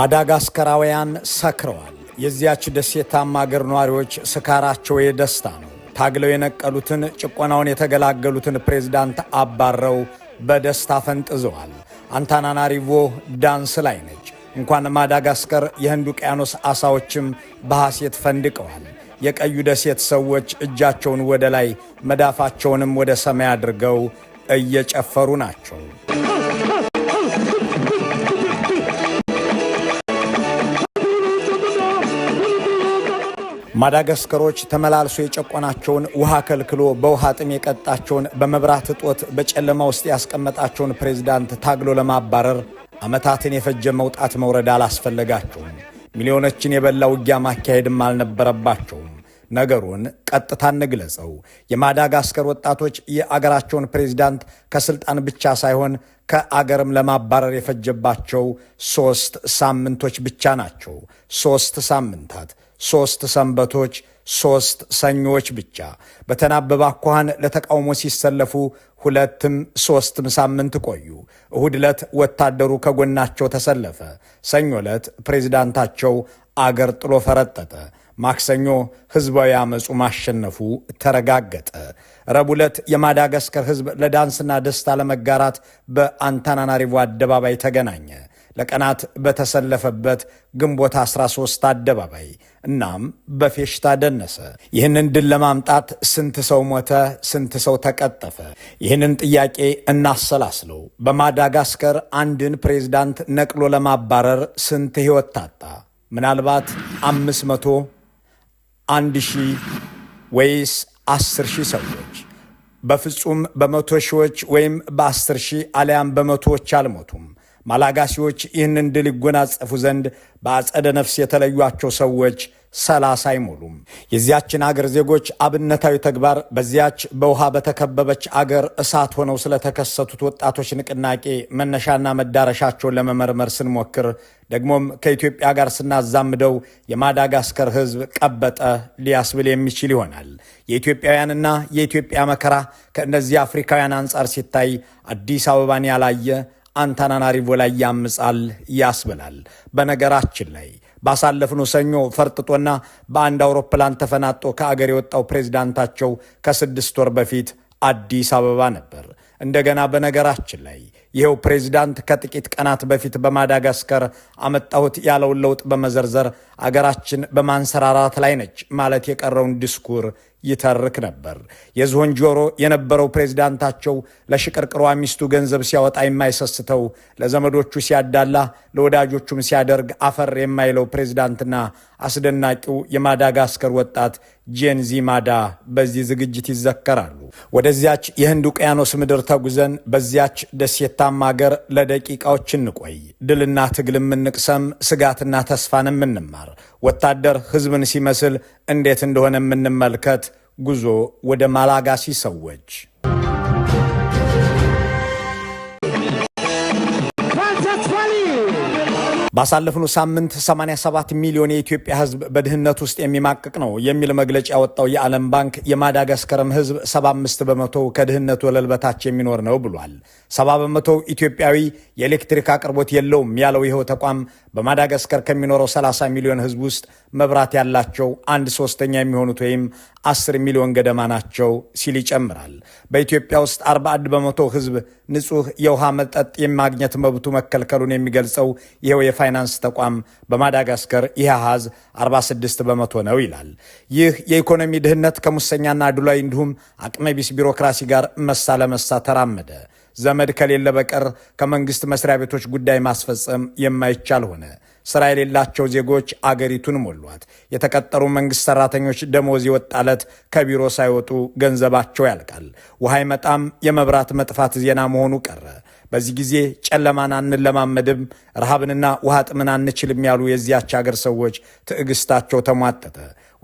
ማዳጋስከራውያን ሰክረዋል። የዚያች ደሴታማ አገር ነዋሪዎች ስካራቸው የደስታ ነው። ታግለው የነቀሉትን ጭቆናውን የተገላገሉትን ፕሬዝዳንት አባረው በደስታ ፈንጥዘዋል። አንታናናሪቮ ዳንስ ላይ ነች። እንኳን ማዳጋስከር የህንድ ውቅያኖስ አሳዎችም በሐሴት ፈንድቀዋል። የቀዩ ደሴት ሰዎች እጃቸውን ወደ ላይ መዳፋቸውንም ወደ ሰማይ አድርገው እየጨፈሩ ናቸው። ማዳጋስከሮች ተመላልሶ የጨቆናቸውን ውሃ ከልክሎ በውሃ ጥም የቀጣቸውን በመብራት እጦት በጨለማ ውስጥ ያስቀመጣቸውን ፕሬዝዳንት ታግሎ ለማባረር ዓመታትን የፈጀ መውጣት መውረድ አላስፈለጋቸውም። ሚሊዮኖችን የበላ ውጊያ ማካሄድም አልነበረባቸውም። ነገሩን ቀጥታ እንግለጸው። የማዳጋስከር ወጣቶች የአገራቸውን ፕሬዚዳንት ከስልጣን ብቻ ሳይሆን ከአገርም ለማባረር የፈጀባቸው ሶስት ሳምንቶች ብቻ ናቸው። ሶስት ሳምንታት ሦስት ሰንበቶች፣ ሦስት ሰኞች ብቻ በተናበበ አኳኋን ለተቃውሞ ሲሰለፉ ሁለትም ሦስትም ሳምንት ቆዩ። እሁድ ዕለት ወታደሩ ከጎናቸው ተሰለፈ። ሰኞ ዕለት ፕሬዚዳንታቸው አገር ጥሎ ፈረጠጠ። ማክሰኞ ሕዝባዊ አመፁ ማሸነፉ ተረጋገጠ። ረቡዕ ዕለት የማዳጋስከር ህዝብ ለዳንስና ደስታ ለመጋራት በአንታናናሪቮ አደባባይ ተገናኘ። ለቀናት በተሰለፈበት ግንቦት 13 አደባባይ እናም በፌሽታ ደነሰ። ይህንን ድል ለማምጣት ስንት ሰው ሞተ? ስንት ሰው ተቀጠፈ? ይህንን ጥያቄ እናሰላስለው። በማዳጋስከር አንድን ፕሬዝዳንት ነቅሎ ለማባረር ስንት ሕይወት ታጣ? ምናልባት አምስት መቶ አንድ ሺህ ወይስ አስር ሺህ ሰዎች በፍጹም በመቶ ሺዎች ወይም በአስር ሺህ አሊያም በመቶዎች አልሞቱም። ማላጋሲዎች ይህንን ድል ይጎናጸፉ ዘንድ በአጸደ ነፍስ የተለዩቸው ሰዎች ሰላሳ አይሞሉም። የዚያችን አገር ዜጎች አብነታዊ ተግባር በዚያች በውሃ በተከበበች አገር እሳት ሆነው ስለተከሰቱት ወጣቶች ንቅናቄ መነሻና መዳረሻቸውን ለመመርመር ስንሞክር ደግሞም ከኢትዮጵያ ጋር ስናዛምደው የማዳጋስከር ሕዝብ ቀበጠ ሊያስብል የሚችል ይሆናል። የኢትዮጵያውያንና የኢትዮጵያ መከራ ከእነዚህ አፍሪካውያን አንጻር ሲታይ አዲስ አበባን ያላየ አንታናናሪቮ ላይ ያምጻል ያስብላል። በነገራችን ላይ ባሳለፍነው ሰኞ ፈርጥጦና በአንድ አውሮፕላን ተፈናጦ ከአገር የወጣው ፕሬዚዳንታቸው ከስድስት ወር በፊት አዲስ አበባ ነበር። እንደገና በነገራችን ላይ ይኸው ፕሬዚዳንት ከጥቂት ቀናት በፊት በማዳጋስከር አመጣሁት ያለውን ለውጥ በመዘርዘር አገራችን በማንሰራራት ላይ ነች ማለት የቀረውን ዲስኩር ይተርክ ነበር። የዝሆን ጆሮ የነበረው ፕሬዚዳንታቸው ለሽቅርቅሯ ሚስቱ ገንዘብ ሲያወጣ የማይሰስተው ለዘመዶቹ ሲያዳላ ለወዳጆቹም ሲያደርግ አፈር የማይለው ፕሬዚዳንትና አስደናቂው የማዳጋስከር ወጣት ጄንዚ ማዳ በዚህ ዝግጅት ይዘከራሉ። ወደዚያች የህንድ ውቅያኖስ ምድር ተጉዘን በዚያች ደሴታማ አገር ለደቂቃዎች እንቆይ። ድልና ትግል የምንቅሰም፣ ስጋትና ተስፋን የምንማር፣ ወታደር ህዝብን ሲመስል እንዴት እንደሆነ የምንመልከት ጉዞ ወደ ማላጋሲ ሰዎች ባሳለፍነው ሳምንት 87 ሚሊዮን የኢትዮጵያ ህዝብ በድህነት ውስጥ የሚማቅቅ ነው የሚል መግለጫ ያወጣው የዓለም ባንክ የማዳጋስከርም ህዝብ 75 በመቶ ከድህነት ወለል በታች የሚኖር ነው ብሏል። 70 በመቶ ኢትዮጵያዊ የኤሌክትሪክ አቅርቦት የለውም ያለው ይኸው ተቋም በማዳጋስከር ከሚኖረው 30 ሚሊዮን ህዝብ ውስጥ መብራት ያላቸው አንድ ሶስተኛ የሚሆኑት ወይም 10 ሚሊዮን ገደማ ናቸው ሲል ይጨምራል። በኢትዮጵያ ውስጥ 41 በመቶ ህዝብ ንጹህ የውሃ መጠጥ የማግኘት መብቱ መከልከሉን የሚገልጸው ይኸው የፋይናንስ ተቋም በማዳጋስከር ይህ አሃዝ 46 በመቶ ነው ይላል። ይህ የኢኮኖሚ ድህነት ከሙሰኛና አድሏዊ እንዲሁም አቅመቢስ ቢሮክራሲ ጋር መሳ ለመሳ ተራመደ። ዘመድ ከሌለ በቀር ከመንግስት መስሪያ ቤቶች ጉዳይ ማስፈጸም የማይቻል ሆነ። ስራ የሌላቸው ዜጎች አገሪቱን ሞሏት። የተቀጠሩ መንግስት ሰራተኞች ደሞዝ ይወጣለት ከቢሮ ሳይወጡ ገንዘባቸው ያልቃል። ውሃ አይመጣም። የመብራት መጥፋት ዜና መሆኑ ቀረ። በዚህ ጊዜ ጨለማን አንለማመድም፣ ረሃብንና ውሃ ጥምን አንችልም ያሉ የዚያች አገር ሰዎች ትዕግስታቸው ተሟጠጠ።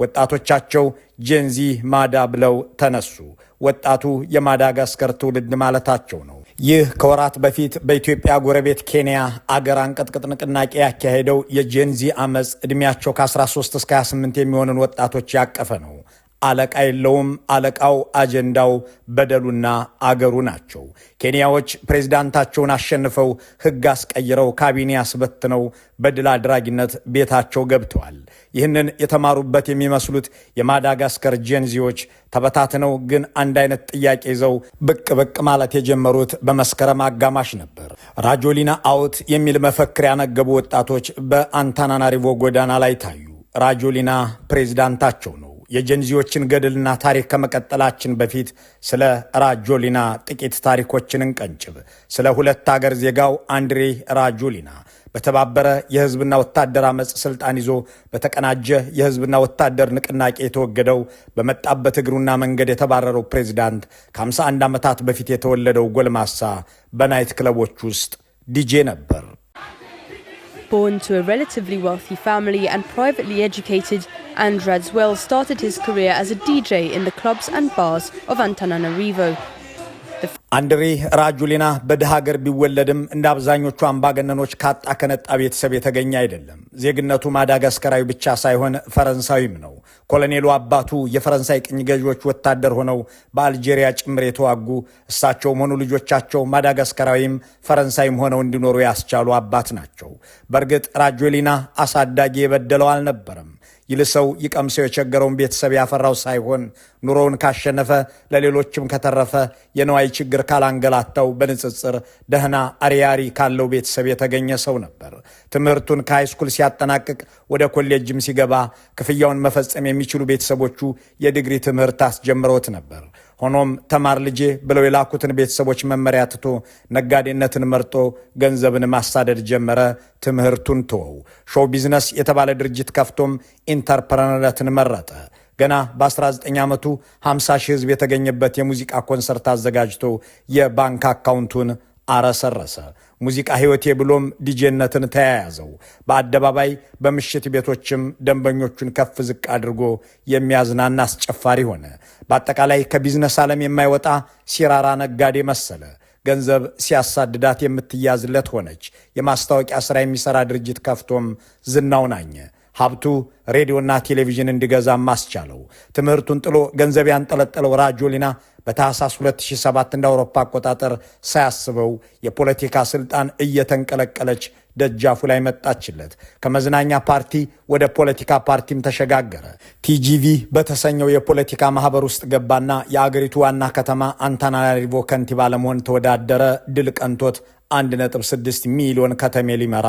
ወጣቶቻቸው ጄንዚ ማዳ ብለው ተነሱ። ወጣቱ የማዳጋስከር ትውልድ ማለታቸው ነው። ይህ ከወራት በፊት በኢትዮጵያ ጎረቤት ኬንያ አገር አንቀጥቅጥ ንቅናቄ ያካሄደው የጄንዚ አመፅ ዕድሜያቸው ከ13 እስከ 28 የሚሆንን ወጣቶች ያቀፈ ነው። አለቃ የለውም። አለቃው አጀንዳው በደሉና አገሩ ናቸው። ኬንያዎች ፕሬዝዳንታቸውን አሸንፈው ሕግ አስቀይረው ካቢኔ አስበትነው በድል አድራጊነት ቤታቸው ገብተዋል። ይህንን የተማሩበት የሚመስሉት የማዳጋስከር ጄንዚዎች ተበታትነው ግን አንድ አይነት ጥያቄ ይዘው ብቅ ብቅ ማለት የጀመሩት በመስከረም አጋማሽ ነበር። ራጆሊና አውት የሚል መፈክር ያነገቡ ወጣቶች በአንታናናሪቮ ጎዳና ላይ ታዩ። ራጆሊና ፕሬዝዳንታቸው ነው። የጀንዚዎችን ገድልና ታሪክ ከመቀጠላችን በፊት ስለ ራጆሊና ጥቂት ታሪኮችን እንቀንጭብ። ስለ ሁለት አገር ዜጋው አንድሬ ራጆሊና በተባበረ የህዝብና ወታደር አመፅ ስልጣን ይዞ በተቀናጀ የህዝብና ወታደር ንቅናቄ የተወገደው በመጣበት እግሩና መንገድ የተባረረው ፕሬዚዳንት ከ51 ዓመታት በፊት የተወለደው ጎልማሳ በናይት ክለቦች ውስጥ ዲጄ ነበር። Born to a relatively wealthy family and privately educated, And Radswell started his career as a DJ in the clubs and bars of Antananarivo. አንድሬ ራጁሊና በድሃ ሀገር ቢወለድም እንደ አብዛኞቹ አምባገነኖች ካጣ ከነጣ ቤተሰብ የተገኘ አይደለም። ዜግነቱ ማዳጋስከራዊ ብቻ ሳይሆን ፈረንሳዊም ነው። ኮሎኔሉ አባቱ የፈረንሳይ ቅኝ ገዢዎች ወታደር ሆነው በአልጄሪያ ጭምር የተዋጉ እሳቸውም ሆኑ ልጆቻቸው ማዳጋስከራዊም ፈረንሳይም ሆነው እንዲኖሩ ያስቻሉ አባት ናቸው። በእርግጥ ራጁሊና አሳዳጊ የበደለው አልነበረም። ይልሰው ይቀምሰው የቸገረውን ቤተሰብ ያፈራው ሳይሆን ኑሮውን ካሸነፈ ለሌሎችም ከተረፈ የነዋይ ችግር ካላንገላተው በንጽጽር ደህና አሪያሪ ካለው ቤተሰብ የተገኘ ሰው ነበር። ትምህርቱን ከሃይስኩል ሲያጠናቅቅ ወደ ኮሌጅም ሲገባ ክፍያውን መፈጸም የሚችሉ ቤተሰቦቹ የዲግሪ ትምህርት አስጀምረውት ነበር። ሆኖም ተማር ልጄ ብለው የላኩትን ቤተሰቦች መመሪያ ትቶ ነጋዴነትን መርጦ ገንዘብን ማሳደድ ጀመረ። ትምህርቱን ተወው። ሾው ቢዝነስ የተባለ ድርጅት ከፍቶም ኢንተርፕረነርነትን መረጠ። ገና በ19 ዓመቱ 50 ሺህ የተገኘበት የሙዚቃ ኮንሰርት አዘጋጅቶ የባንክ አካውንቱን አረሰረሰ። ሙዚቃ ሕይወቴ ብሎም ዲጄነትን ተያያዘው። በአደባባይ በምሽት ቤቶችም ደንበኞቹን ከፍ ዝቅ አድርጎ የሚያዝናና አስጨፋሪ ሆነ። በአጠቃላይ ከቢዝነስ ዓለም የማይወጣ ሲራራ ነጋዴ መሰለ። ገንዘብ ሲያሳድዳት የምትያዝለት ሆነች። የማስታወቂያ ሥራ የሚሠራ ድርጅት ከፍቶም ዝናውን አኘ። ሀብቱ ሬዲዮና ቴሌቪዥን እንዲገዛም አስቻለው። ትምህርቱን ጥሎ ገንዘብ ያንጠለጠለው ራጆሊና በታህሳስ 2007 እንደ አውሮፓ አቆጣጠር ሳያስበው የፖለቲካ ስልጣን እየተንቀለቀለች ደጃፉ ላይ መጣችለት። ከመዝናኛ ፓርቲ ወደ ፖለቲካ ፓርቲም ተሸጋገረ። ቲጂቪ በተሰኘው የፖለቲካ ማህበር ውስጥ ገባና የአገሪቱ ዋና ከተማ አንታናሪቮ ከንቲባ ለመሆን ተወዳደረ። ድል ቀንቶት 1.6 ሚሊዮን ከተሜ ሊመራ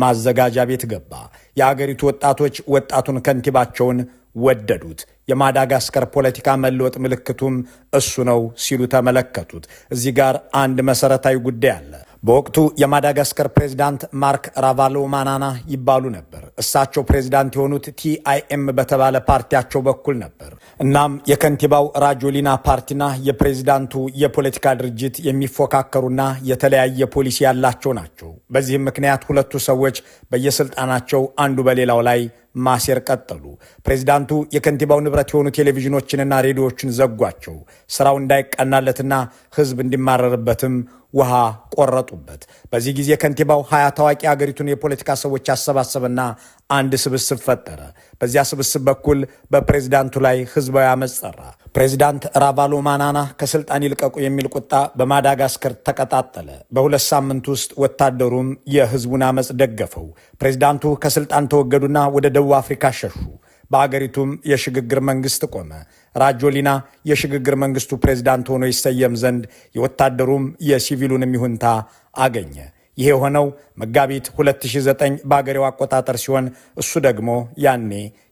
ማዘጋጃ ቤት ገባ። የአገሪቱ ወጣቶች ወጣቱን ከንቲባቸውን ወደዱት። የማዳጋስከር ፖለቲካ መለወጥ ምልክቱም እሱ ነው ሲሉ ተመለከቱት። እዚህ ጋር አንድ መሰረታዊ ጉዳይ አለ። በወቅቱ የማዳጋስከር ፕሬዚዳንት ማርክ ራቫሎ ማናና ይባሉ ነበር። እሳቸው ፕሬዚዳንት የሆኑት ቲአይኤም በተባለ ፓርቲያቸው በኩል ነበር። እናም የከንቲባው ራጆሊና ፓርቲና የፕሬዚዳንቱ የፖለቲካ ድርጅት የሚፎካከሩና የተለያየ ፖሊሲ ያላቸው ናቸው። በዚህም ምክንያት ሁለቱ ሰዎች በየስልጣናቸው አንዱ በሌላው ላይ ማሴር ቀጠሉ። ፕሬዚዳንቱ የከንቲባው ንብረት የሆኑ ቴሌቪዥኖችንና ሬዲዮዎችን ዘጓቸው። ስራው እንዳይቀናለትና ህዝብ እንዲማረርበትም ውሃ ቆረጡበት። በዚህ ጊዜ ከንቲባው ሀያ ታዋቂ አገሪቱን የፖለቲካ ሰዎች አሰባሰበና አንድ ስብስብ ፈጠረ። በዚያ ስብስብ በኩል በፕሬዚዳንቱ ላይ ህዝባዊ አመፅ ጠራ። ፕሬዚዳንት ራቫሎማናና ከስልጣን ይልቀቁ የሚል ቁጣ በማዳጋስከር ተቀጣጠለ። በሁለት ሳምንት ውስጥ ወታደሩም የህዝቡን አመፅ ደገፈው። ፕሬዚዳንቱ ከስልጣን ተወገዱና ወደ ደቡብ አፍሪካ ሸሹ። በአገሪቱም የሽግግር መንግስት ቆመ። ራጆሊና የሽግግር መንግስቱ ፕሬዚዳንት ሆኖ ይሰየም ዘንድ የወታደሩም የሲቪሉንም ይሁንታ አገኘ። ይህ የሆነው መጋቢት 2009 በአገሬው አቆጣጠር ሲሆን እሱ ደግሞ ያኔ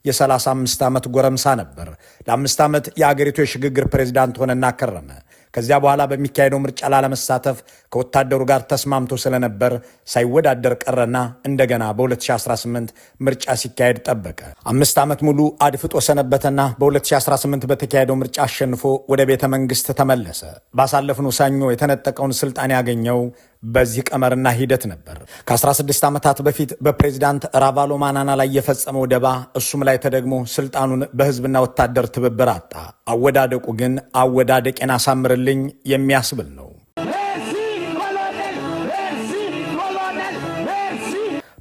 የ35 ዓመት ጎረምሳ ነበር። ለአምስት ዓመት የአገሪቱ የሽግግር ፕሬዚዳንት ሆነና ከረመ። ከዚያ በኋላ በሚካሄደው ምርጫ ላለመሳተፍ ከወታደሩ ጋር ተስማምቶ ስለነበር ሳይወዳደር ቀረና እንደገና በ2018 ምርጫ ሲካሄድ ጠበቀ። አምስት ዓመት ሙሉ አድፍጦ ሰነበተና በ2018 በተካሄደው ምርጫ አሸንፎ ወደ ቤተ መንግስት ተመለሰ። ባሳለፍነው ሰኞ የተነጠቀውን ስልጣን ያገኘው በዚህ ቀመርና ሂደት ነበር። ከ16 ዓመታት በፊት በፕሬዚዳንት ራቫሎ ማናና ላይ የፈጸመው ደባ እሱም ላይ ተደግሞ ስልጣኑን በህዝብና ወታደር ትብብር አጣ። አወዳደቁ ግን አወዳደቄን አሳምርልኝ የሚያስብል ነው።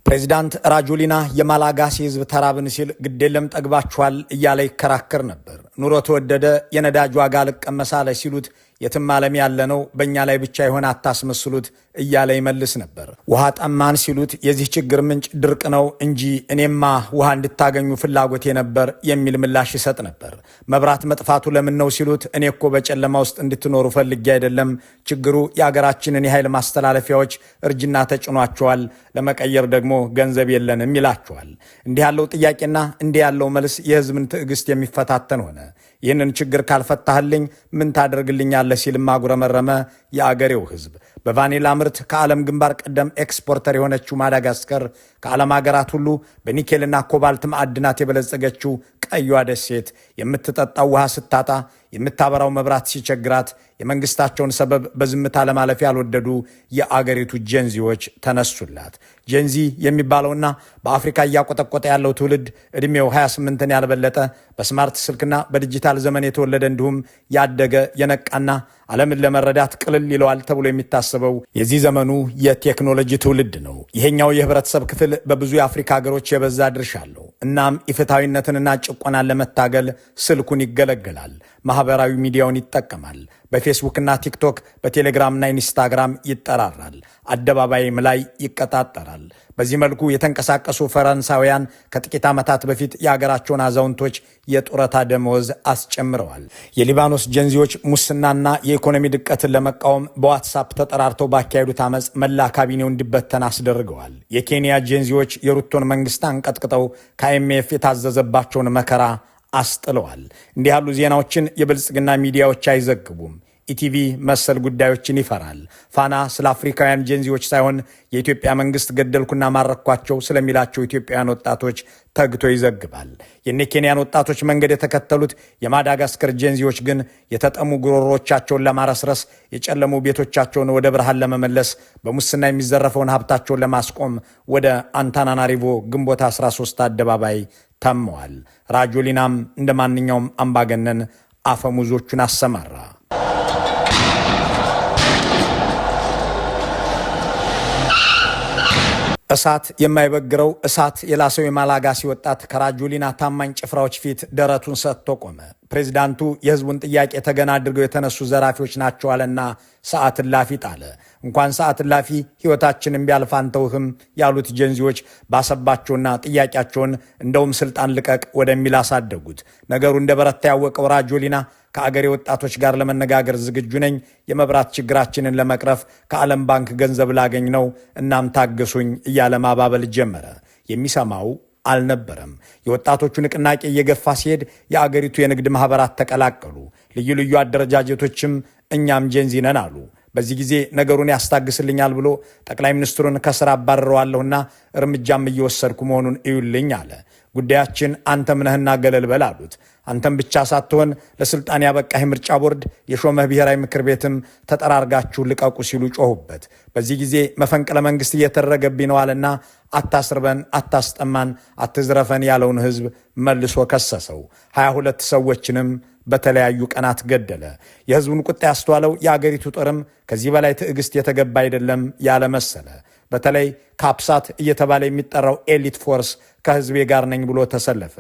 ፕሬዚዳንት ራጆሊና የማላጋሲ ህዝብ ተራብን ሲል ግዴለም ጠግባችኋል እያለ ይከራከር ነበር። ኑሮ ተወደደ፣ የነዳጅ ዋጋ ልቀመሳለ ሲሉት የትም ዓለም ያለ ነው በእኛ ላይ ብቻ የሆነ አታስመስሉት እያለ ይመልስ ነበር። ውሃ ጠማን ሲሉት የዚህ ችግር ምንጭ ድርቅ ነው እንጂ እኔማ ውሃ እንድታገኙ ፍላጎቴ ነበር የሚል ምላሽ ይሰጥ ነበር። መብራት መጥፋቱ ለምን ነው ሲሉት እኔ እኮ በጨለማ ውስጥ እንድትኖሩ ፈልጌ አይደለም። ችግሩ የአገራችንን የኃይል ማስተላለፊያዎች እርጅና ተጭኗቸዋል። ለመቀየር ደግሞ ገንዘብ የለንም ይላችኋል። እንዲህ ያለው ጥያቄና እንዲህ ያለው መልስ የህዝብን ትዕግስት የሚፈታተን ሆነ። ይህንን ችግር ካልፈታህልኝ ምን ታደርግልኛለህ ሲል ማጉረመረመ የአገሬው ህዝብ። በቫኒላ ምርት ከዓለም ግንባር ቀደም ኤክስፖርተር የሆነችው ማዳጋስከር ከዓለም ሀገራት ሁሉ በኒኬልና ኮባልት ማዕድናት የበለጸገችው ቀዩዋ ደሴት የምትጠጣው ውሃ ስታጣ የምታበራው መብራት ሲቸግራት የመንግስታቸውን ሰበብ በዝምታ ለማለፍ ያልወደዱ የአገሪቱ ጀንዚዎች ተነሱላት። ጀንዚ የሚባለውና በአፍሪካ እያቆጠቆጠ ያለው ትውልድ ዕድሜው 28ን ያልበለጠ በስማርት ስልክና በዲጂታል ዘመን የተወለደ እንዲሁም ያደገ የነቃና ዓለምን ለመረዳት ቅልል ይለዋል ተብሎ የሚታሰበው የዚህ ዘመኑ የቴክኖሎጂ ትውልድ ነው። ይሄኛው የህብረተሰብ ክፍል በብዙ የአፍሪካ ሀገሮች የበዛ ድርሻ አለው። እናም ኢፍትሐዊነትንና ጭቆናን ለመታገል ስልኩን ይገለገላል። ማህበራዊ ሚዲያውን ይጠቀማል። በፌስቡክና ቲክቶክ፣ በቴሌግራምና ኢንስታግራም ይጠራራል። አደባባይም ላይ ይቀጣጠራል። በዚህ መልኩ የተንቀሳቀሱ ፈረንሳውያን ከጥቂት ዓመታት በፊት የአገራቸውን አዛውንቶች የጡረታ ደመወዝ አስጨምረዋል። የሊባኖስ ጀንዚዎች ሙስናና የኢኮኖሚ ድቀትን ለመቃወም በዋትሳፕ ተጠራርተው ባካሄዱት አመፅ መላ ካቢኔው እንዲበተን አስደርገዋል። የኬንያ ጀንዚዎች የሩቶን መንግስት አንቀጥቅጠው ከአይኤምኤፍ የታዘዘባቸውን መከራ አስጥለዋል። እንዲህ ያሉ ዜናዎችን የብልጽግና ሚዲያዎች አይዘግቡም። ኢቲቪ መሰል ጉዳዮችን ይፈራል። ፋና ስለ አፍሪካውያን ጄንዚዎች ሳይሆን የኢትዮጵያ መንግስት ገደልኩና ማረኳቸው ስለሚላቸው ኢትዮጵያውያን ወጣቶች ተግቶ ይዘግባል። የኔ ኬንያን ወጣቶች መንገድ የተከተሉት የማዳጋስከር ጄንዚዎች ግን የተጠሙ ጉሮሮቻቸውን ለማረስረስ፣ የጨለሙ ቤቶቻቸውን ወደ ብርሃን ለመመለስ፣ በሙስና የሚዘረፈውን ሀብታቸውን ለማስቆም ወደ አንታናናሪቮ ግንቦት 13 አደባባይ ተመዋል። ራጆሊናም እንደ ማንኛውም አምባገነን አፈሙዞቹን አሰማራ። እሳት የማይበግረው እሳት የላሰው የማላጋሲ ወጣት ከራጁሊና ታማኝ ጭፍራዎች ፊት ደረቱን ሰጥቶ ቆመ። ፕሬዚዳንቱ የህዝቡን ጥያቄ ተገና አድርገው የተነሱ ዘራፊዎች ናቸው አለና ሰዓት እላፊ ጣለ። እንኳን ሰዓት እላፊ ህይወታችንን ቢያልፍ አንተውህም ያሉት ጀንዚዎች ባሰባቸውና ጥያቄያቸውን እንደውም ስልጣን ልቀቅ ወደሚል አሳደጉት። ነገሩ እንደ በረታ ያወቀው ራጆሊና ከአገሬ ወጣቶች ጋር ለመነጋገር ዝግጁ ነኝ። የመብራት ችግራችንን ለመቅረፍ ከዓለም ባንክ ገንዘብ ላገኝ ነው። እናም ታገሱኝ እያለ ማባበል ጀመረ። የሚሰማው አልነበረም። የወጣቶቹ ንቅናቄ እየገፋ ሲሄድ የአገሪቱ የንግድ ማኅበራት ተቀላቀሉ። ልዩ ልዩ አደረጃጀቶችም እኛም ጄንዚነን አሉ። በዚህ ጊዜ ነገሩን ያስታግስልኛል ብሎ ጠቅላይ ሚኒስትሩን ከስራ አባረረዋለሁና እርምጃም እየወሰድኩ መሆኑን እዩልኝ አለ። ጉዳያችን አንተም ነህና ገለል በል አሉት። አንተም ብቻ ሳትሆን ለስልጣን ያበቃህ ምርጫ ቦርድ፣ የሾመህ ብሔራዊ ምክር ቤትም ተጠራርጋችሁ ልቀቁ ሲሉ ጮሁበት። በዚህ ጊዜ መፈንቅለ መንግስት እየተደረገብኝ ነው አለና አታስርበን፣ አታስጠማን፣ አትዝረፈን ያለውን ህዝብ መልሶ ከሰሰው። ሀያ ሁለት ሰዎችንም በተለያዩ ቀናት ገደለ። የህዝቡን ቁጣ ያስተዋለው የአገሪቱ ጦርም ከዚህ በላይ ትዕግስት የተገባ አይደለም ያለ መሰለ። በተለይ ካፕሳት እየተባለ የሚጠራው ኤሊት ፎርስ ከህዝቤ ጋር ነኝ ብሎ ተሰለፈ።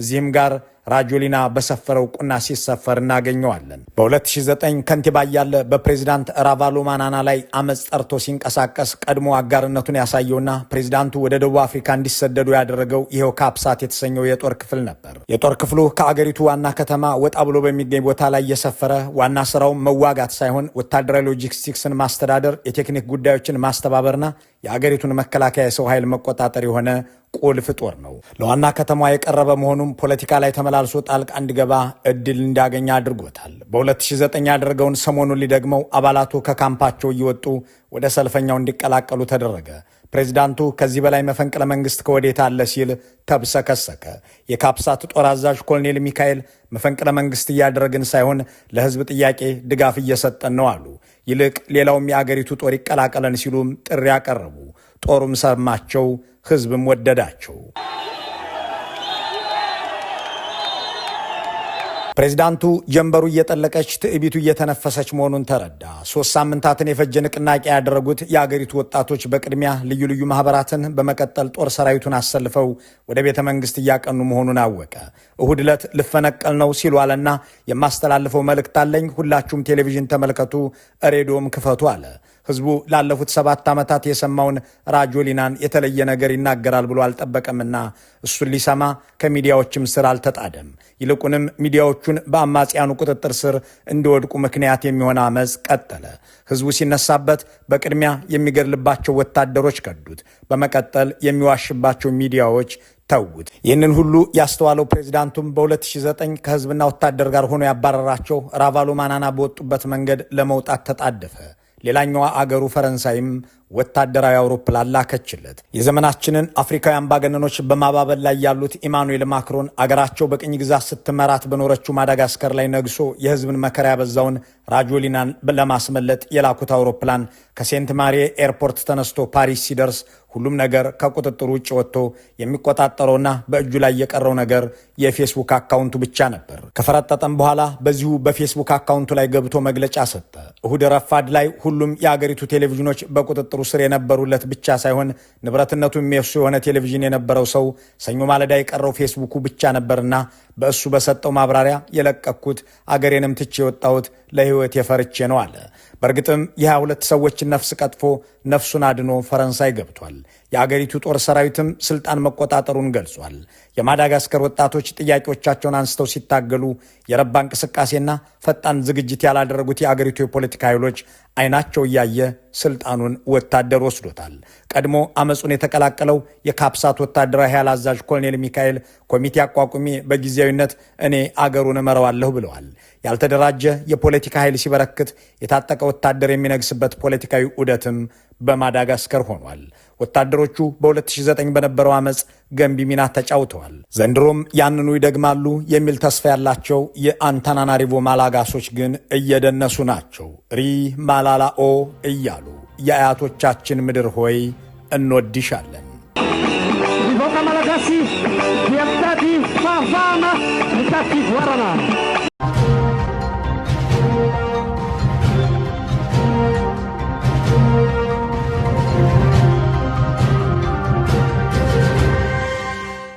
እዚህም ጋር ራጆሊና በሰፈረው ቁና ሲሰፈር እናገኘዋለን። በ2009 ከንቲባ እያለ በፕሬዚዳንት ራቫሎ ማናና ላይ አመፅ ጠርቶ ሲንቀሳቀስ ቀድሞ አጋርነቱን ያሳየውና ፕሬዚዳንቱ ወደ ደቡብ አፍሪካ እንዲሰደዱ ያደረገው ይኸው ካፕሳት የተሰኘው የጦር ክፍል ነበር። የጦር ክፍሉ ከአገሪቱ ዋና ከተማ ወጣ ብሎ በሚገኝ ቦታ ላይ የሰፈረ ዋና ስራውን መዋጋት ሳይሆን ወታደራዊ ሎጂስቲክስን ማስተዳደር፣ የቴክኒክ ጉዳዮችን ማስተባበርና የአገሪቱን መከላከያ የሰው ኃይል መቆጣጠር የሆነ ቁልፍ ጦር ነው። ለዋና ከተማ የቀረበ መሆኑም ፖለቲካ ላይ ተመላ ተመላልሶ ጣልቃ እንዲገባ እድል እንዲያገኝ አድርጎታል። በ2009 ያደረገውን ሰሞኑን ሊደግመው አባላቱ ከካምፓቸው እየወጡ ወደ ሰልፈኛው እንዲቀላቀሉ ተደረገ። ፕሬዚዳንቱ ከዚህ በላይ መፈንቅለ መንግስት ከወዴት አለ ሲል ተብሰከሰከ። የካፕሳት ጦር አዛዥ ኮሎኔል ሚካኤል መፈንቅለ መንግስት እያደረግን ሳይሆን ለህዝብ ጥያቄ ድጋፍ እየሰጠን ነው አሉ። ይልቅ ሌላውም የአገሪቱ ጦር ይቀላቀለን ሲሉም ጥሪ ያቀረቡ። ጦሩም ሰማቸው፣ ህዝብም ወደዳቸው። ፕሬዚዳንቱ ጀንበሩ እየጠለቀች ትዕቢቱ እየተነፈሰች መሆኑን ተረዳ። ሶስት ሳምንታትን የፈጀ ንቅናቄ ያደረጉት የአገሪቱ ወጣቶች በቅድሚያ ልዩ ልዩ ማህበራትን በመቀጠል ጦር ሰራዊቱን አሰልፈው ወደ ቤተ መንግስት እያቀኑ መሆኑን አወቀ። እሁድ ዕለት ልፈነቀል ነው ሲሉ አለና የማስተላልፈው መልእክት አለኝ፣ ሁላችሁም ቴሌቪዥን ተመልከቱ፣ ሬዲዮም ክፈቱ አለ። ህዝቡ ላለፉት ሰባት ዓመታት የሰማውን ራጆሊናን የተለየ ነገር ይናገራል ብሎ አልጠበቀምና እሱን ሊሰማ ከሚዲያዎችም ስር አልተጣደም። ይልቁንም ሚዲያዎቹን በአማጽያኑ ቁጥጥር ስር እንዲወድቁ ምክንያት የሚሆን አመፅ ቀጠለ። ህዝቡ ሲነሳበት በቅድሚያ የሚገድልባቸው ወታደሮች ከዱት። በመቀጠል የሚዋሽባቸው ሚዲያዎች ተዉት። ይህንን ሁሉ ያስተዋለው ፕሬዚዳንቱም በ2009 ከህዝብና ወታደር ጋር ሆኖ ያባረራቸው ራቫሎ ማናና በወጡበት መንገድ ለመውጣት ተጣደፈ። ሌላኛዋ አገሩ ፈረንሳይም ወታደራዊ አውሮፕላን ላከችለት። የዘመናችንን አፍሪካዊ አምባገነኖች በማባበል ላይ ያሉት ኢማኑኤል ማክሮን አገራቸው በቅኝ ግዛት ስትመራት በኖረችው ማዳጋስከር ላይ ነግሶ የህዝብን መከራ ያበዛውን ራጆሊናን ለማስመለጥ የላኩት አውሮፕላን ከሴንት ማሪ ኤርፖርት ተነስቶ ፓሪስ ሲደርስ ሁሉም ነገር ከቁጥጥር ውጭ ወጥቶ የሚቆጣጠረውና በእጁ ላይ የቀረው ነገር የፌስቡክ አካውንቱ ብቻ ነበር። ከፈረጠጠም በኋላ በዚሁ በፌስቡክ አካውንቱ ላይ ገብቶ መግለጫ ሰጠ። እሁድ ረፋድ ላይ ሁሉም የአገሪቱ ቴሌቪዥኖች በቁጥጥ በቁጥጥሩ ስር የነበሩለት ብቻ ሳይሆን ንብረትነቱ የሱ የሆነ ቴሌቪዥን የነበረው ሰው ሰኞ ማለዳ የቀረው ፌስቡኩ ብቻ ነበርና በእሱ በሰጠው ማብራሪያ የለቀኩት አገሬንም ትቼ የወጣሁት ለህይወት የፈርቼ ነው አለ። በእርግጥም የሃያ ሁለት ሰዎችን ነፍስ ቀጥፎ ነፍሱን አድኖ ፈረንሳይ ገብቷል። የአገሪቱ ጦር ሰራዊትም ስልጣን መቆጣጠሩን ገልጿል። የማዳጋስከር ወጣቶች ጥያቄዎቻቸውን አንስተው ሲታገሉ የረባ እንቅስቃሴና ፈጣን ዝግጅት ያላደረጉት የአገሪቱ የፖለቲካ ኃይሎች አይናቸው እያየ ስልጣኑን ወታደር ወስዶታል። ቀድሞ አመፁን የተቀላቀለው የካፕሳት ወታደራዊ ኃይል አዛዥ ኮሎኔል ሚካኤል ኮሚቴ አቋቁሜ በጊዜያዊነት እኔ አገሩን እመረዋለሁ ብለዋል። ያልተደራጀ የፖለቲካ ኃይል ሲበረክት የታጠቀ ወታደር የሚነግስበት ፖለቲካዊ ዑደትም በማዳጋስከር ሆኗል። ወታደሮቹ በ2009 በነበረው ዓመፅ ገንቢ ሚና ተጫውተዋል። ዘንድሮም ያንኑ ይደግማሉ የሚል ተስፋ ያላቸው የአንታናናሪቮ ማላጋሶች ግን እየደነሱ ናቸው። ሪ ማላላኦ እያሉ የአያቶቻችን ምድር ሆይ እንወድሻለን።